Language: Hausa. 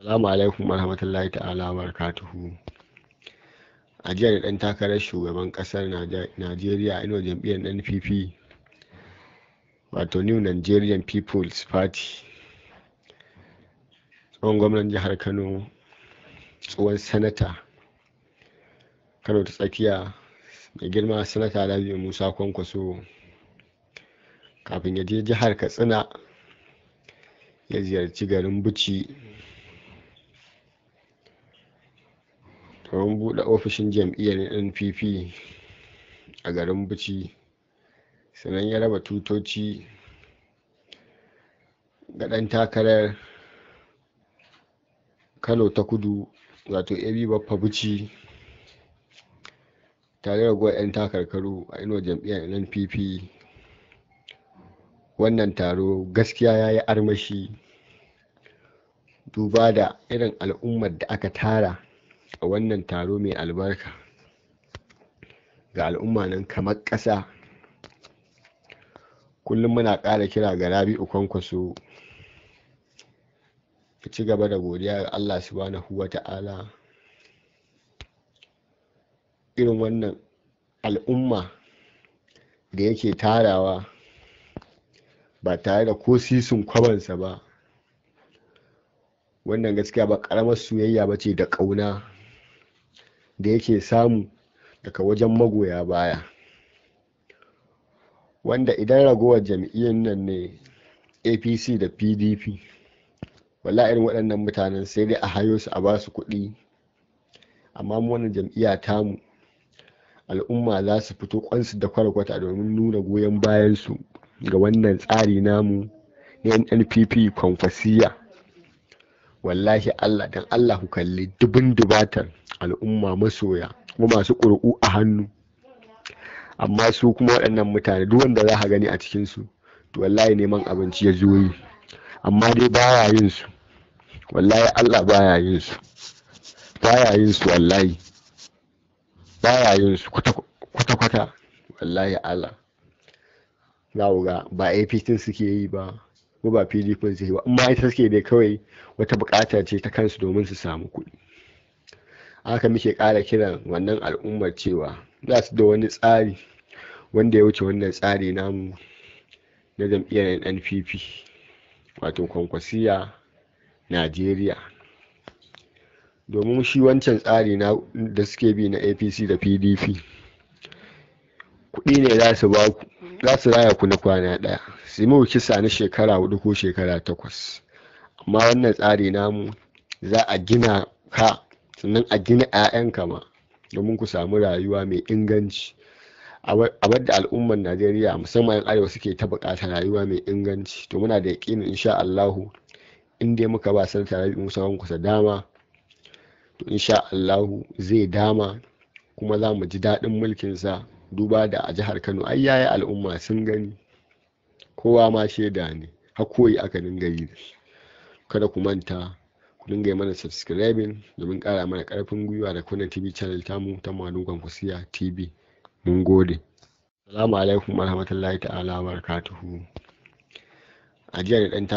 Salamu alaikum warahmatullahi ta'ala barakatuhu. A jiya da ɗan takarar shugaban ƙasar Najeriya ino jam'iyyar NPP wato New Nigerian People's Party tsohon gwamnan jihar Kano tsohon sanata Kano ta tsakiya mai girma sanata Rabi'u Musa Kwankwaso kafin ya je jihar Katsina ya ziyarci garin Bichi mun buɗe ofishin jam'iyyar npp a garin buci, sannan ya raba tutoci ga dan takarar kano ta kudu wato ab baffa buci, tare da goyon 'yan takarkaru a ino jam'iyyar npp wannan taro gaskiya ya yi armashi duba da irin al'ummar da aka tara a wannan taro mai albarka ga al'umma nan kamar ƙasa kullum muna ƙara kira ga Rabi rabi'u kwankwaso ka ci gaba da godiya ga allah subhanahu wa ta'ala irin wannan al'umma da yake tarawa ba tare da ko sisin kwabansa ba wannan gaskiya ba ƙaramar soyayya ba ce da ƙauna da yake samu daga wajen magoya baya wanda idan ragowar jam'iyyun nan ne apc da pdp wala irin waɗannan mutanen sai dai a hayo su a ba su kuɗi amma wannan jam'iyya tamu al'umma za su fito kwansu da kwarkwata domin nuna goyon bayansu ga wannan tsari namu na npp kwankwasiya wallahi Allah dan Allah ku kalli dubin dubatar al'umma masoya kuma masu ƙuri'u a hannu amma su kuma waɗannan mutane duk wanda za ka gani a cikin su to wallahi neman abinci ya zo yi amma dai baya yin su wallahi Allah baya yin su baya yin su wallahi baya yin su kwata kwata wallahi Allah za ga ba APT suke yi ba ko ba pdp yi ba amma ita suke dai kawai wata bukata ce ta kansu domin su samu kuɗi haka muke ƙara kiran wannan al'ummar cewa za su da wani tsari wanda ya wuce wannan tsari namu na jam'iyyar npp wato kwankwasiya najeriya domin shi wancan tsari da suke bi na apc da pdp kuɗi ne za su raya ku na kwana ɗaya sai mu kisa na shekara hudu ko shekara takwas amma wannan tsari namu za a gina ka sannan a gina 'ya'yanka ma domin ku samu rayuwa mai inganci a wadda al'ummar najeriya musamman yan arewa suke ta bukata rayuwa mai inganci to muna da yakinin insha allahu in dai muka ba da tare wanku kusa dama to insha allahu zai dama kuma za mu ji daɗin mulkinsa duba da a jihar kano ai yayi al'umma sun gani kowa ma shaida ne hakoyi aka dinga yi da shi kada ku manta ku dinga yi mana subscribing domin ƙara mana karfin gwiwa da kuna tv channel tamu ta malukan kusiya tv mun gode salamu alaikum warahmatullahi ta'ala barakatuhu a jiya da ɗan